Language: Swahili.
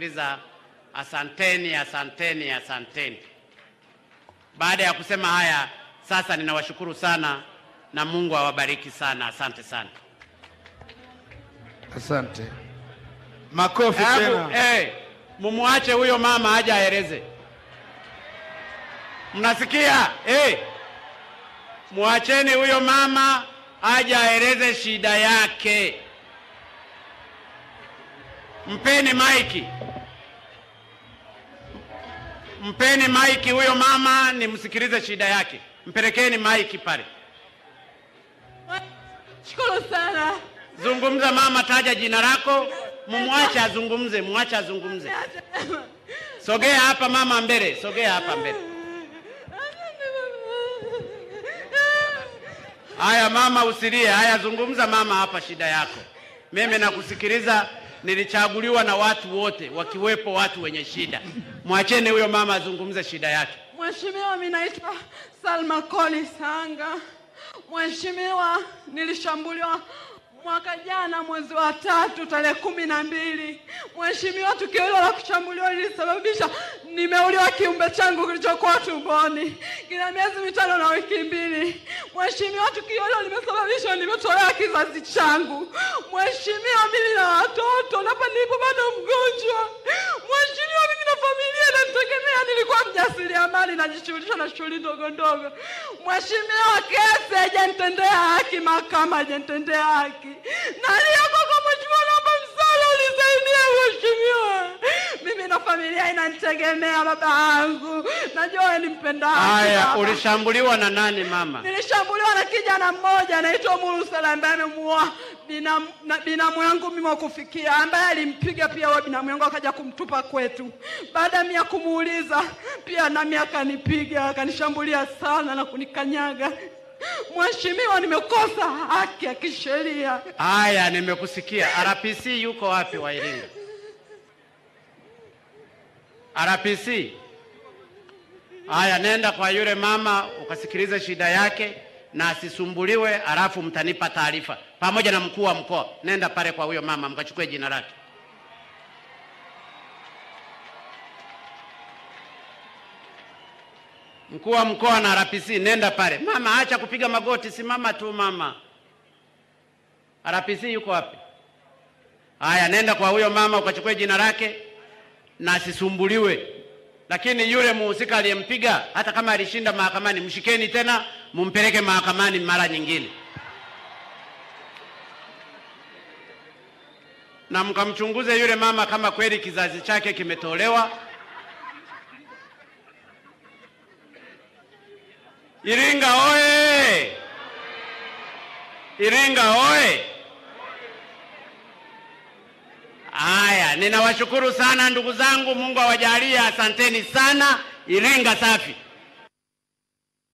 kusikiliza. Asanteni, asanteni, asanteni. Baada ya kusema haya, sasa ninawashukuru sana na Mungu awabariki sana. Asante sana, asante. Makofi tena. Hey, mumwache huyo mama aje aeleze. Mnasikia? Hey, mwacheni huyo mama aje aeleze shida yake. Mpeni maiki. Mpeni maiki huyo mama, nimsikilize shida yake. Mpelekeni maiki pale. Shukuru sana. Zungumza mama, taja jina lako, mumwache azungumze, mwache azungumze. Sogea hapa mama, mbele. Sogea hapa mbele. Haya mama, usilie. Haya, zungumza mama, hapa shida yako. Mimi nakusikiliza. Nilichaguliwa na watu wote, wakiwepo watu wenye shida. Mwacheni huyo mama azungumze shida yake. Mheshimiwa, mimi naitwa Salma Koli Sanga. Mheshimiwa, nilishambuliwa mwaka jana mwezi wa tatu tarehe kumi na mbili. Mheshimiwa, tukio hilo la kuchambuliwa lilisababisha nimeuliwa kiumbe changu kilichokuwa tumboni, kina miezi mitano na wiki mbili. Mheshimiwa, tukio hilo limesababisha nimetolewa kizazi changu. Mheshimiwa, mimi na serikali inajishughulisha na shughuli ndogo ndogo. Mheshimiwa, kesi ajentendea haki, mahakama ajentendea haki na familia inanitegemea baba yangu, najua ni mpenda. Haya, ulishambuliwa na nani mama? Nilishambuliwa na kijana mmoja anaitwa Murusala ambaye amemuua binamu binamu yangu mimi wakufikia, ambaye alimpiga pia wewe binamu yangu akaja kumtupa kwetu. Baada ya kumuuliza pia nami akanipiga akanishambulia sana na kunikanyaga. Mheshimiwa, nimekosa haki ya kisheria. Haya, nimekusikia. RPC yuko wapi wa Iringa? RPC. Haya, nenda kwa yule mama ukasikilize shida yake na asisumbuliwe, halafu mtanipa taarifa pamoja na mkuu wa mkoa. Nenda pale kwa huyo mama mkachukue jina lake. Mkuu wa mkoa na RPC, nenda pale. Mama, acha kupiga magoti, simama tu mama. RPC yuko wapi? Haya, nenda kwa huyo mama ukachukue jina lake na asisumbuliwe. Lakini yule muhusika aliyempiga hata kama alishinda mahakamani, mshikeni tena mumpeleke mahakamani mara nyingine, na mkamchunguze yule mama kama kweli kizazi chake kimetolewa. Iringa oye! Iringa oye! Ninawashukuru sana ndugu zangu, Mungu awajalie. Asanteni sana. Iringa safi.